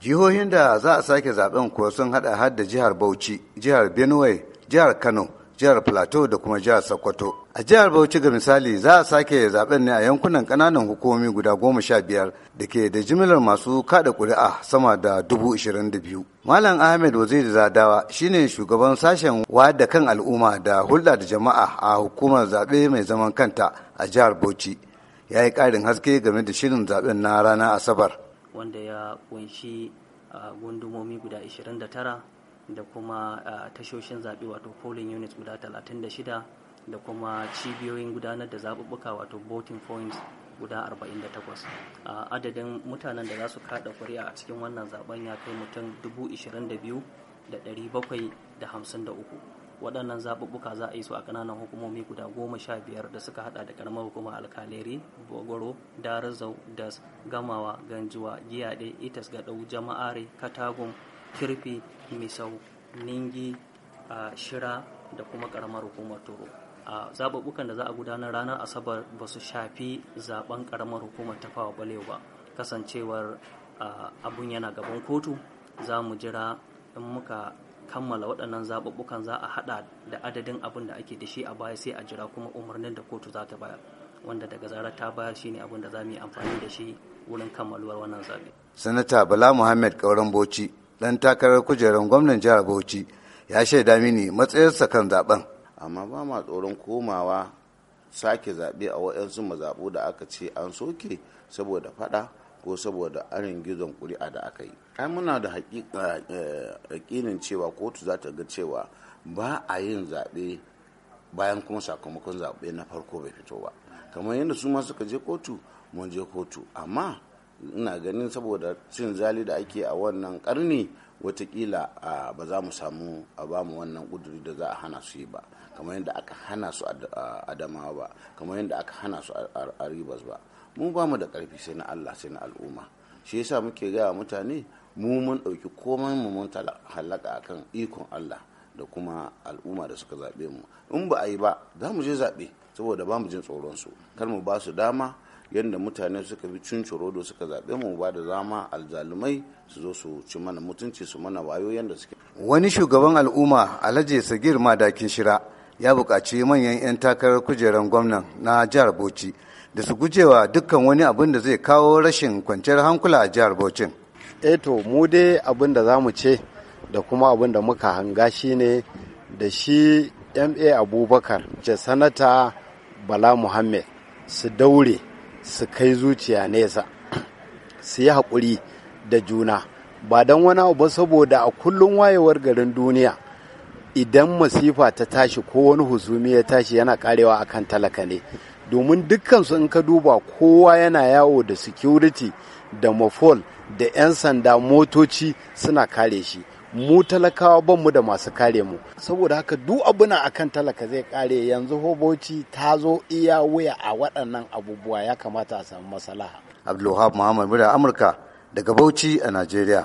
jihohin da za a sake zaben kuwa sun hada har da jihar bauchi jihar benue jihar kano jihar plateau da kuma jihar sokoto a jihar bauchi ga misali za a sake zaben ne a yankunan kananan hukumomi guda goma sha biyar da ke da jimilar masu kada kuri'a sama da dubu ishirin da biyu malam ahmed waziri zadawa shine shugaban sashen da kan al'umma da hulɗa da jama'a a hukumar zaɓe mai zaman kanta a jihar bauchi ya yi ƙarin haske game da shirin zaben na ranar asabar wanda ya kunshi gundumomi guda 29 da kuma tashoshin zaɓe wato polling units guda 36 da kuma cibiyoyin gudanar da zaɓuɓɓuka wato voting points guda 48 adadin mutanen da za su kada kuri'a a cikin wannan zaben ya kai mutum 22,753 waɗannan zaɓuɓɓuka za a yi su a ƙananan hukumomi guda goma sha biyar da suka haɗa da ƙaramar hukumar alkaleri bogoro darazau das gamawa ganjuwa giyaɗe itas gaɗau jama'are katagun kirfi misau ningi shira da kuma ƙaramar hukumar toro a zaɓuɓɓukan da za a gudanar ranar asabar ba su shafi zaɓen ƙaramar hukumar tafawa balewa ba kasancewar abun yana gaban kotu za mu jira in muka kammala waɗannan zaɓuɓɓukan za a haɗa da adadin abin da ake da shi a baya sai a jira kuma umarnin da kotu za ta bayar wanda daga zarar ta bayar shine abin da za mu yi amfani da shi wurin kammaluwar wannan zaɓe. sanata bala muhammed kauran bauchi ɗan takarar kujerar gwamnan jihar bauchi ya shaida mini matsayarsa kan zaɓen. amma ba ma tsoron komawa sake zaɓe a waɗansu mazaɓu da aka ce an soke saboda faɗa ko saboda arin gizon kuri'a da aka yi ai muna da hakikinin eh, cewa kotu za ta ga cewa ba a yin zaɓe bayan kuma sakamakon zaɓe na farko bai fito ba kamar yadda su ma suka je kotu mun je kotu amma ina ganin saboda cin zali da ake a wannan karni watakila ba za mu samu a ba mu wannan kuduri da za a hana su yi ba kamar yadda aka hana su adamawa ba kamar yadda aka hana su a ribas ba mu ba mu da karfi sai na allah sai na al'umma shi yasa muke gaya mutane mu mun ɗauki komai mu mun halaka akan ikon allah da kuma al'umma da suka zaɓe mu in ba a yi ba za mu je zaɓe saboda ba mu jin tsoron su kar mu ba su dama yadda mutane suka bi rodo suka zaɓe mu ba da zama alzalumai su zo su ci mana mutunci su mana wayo yadda suke. Wani shugaban al'umma Alhaji Sagir Madakin Shira ya buƙaci manyan 'yan takarar kujerar gwamnan na jihar Bauchi da su gujewa dukkan wani abin da zai kawo rashin kwanciyar hankula a jihar Bauchin. Eto eh mu dai abin da za ce da kuma abin da muka hanga shi ne da shi ma abubakar da sanata bala muhammed su daure su kai zuciya nesa su yi haƙuri da juna ba don wani abu ba saboda a kullum wayewar garin duniya idan masifa ta tashi ko wani husumi ya tashi yana karewa akan talaka ne domin dukkansu in ka duba kowa yana yawo da security da mafol da 'yan sanda motoci suna kare shi mu talakawa ban mu da masu kare mu saboda haka duk abuna akan talaka zai kare yanzu hoboci ta zo iya wuya a waɗannan abubuwa ya kamata a samu masalaha abdulwahab muhammad mura amurka daga bauchi a najeriya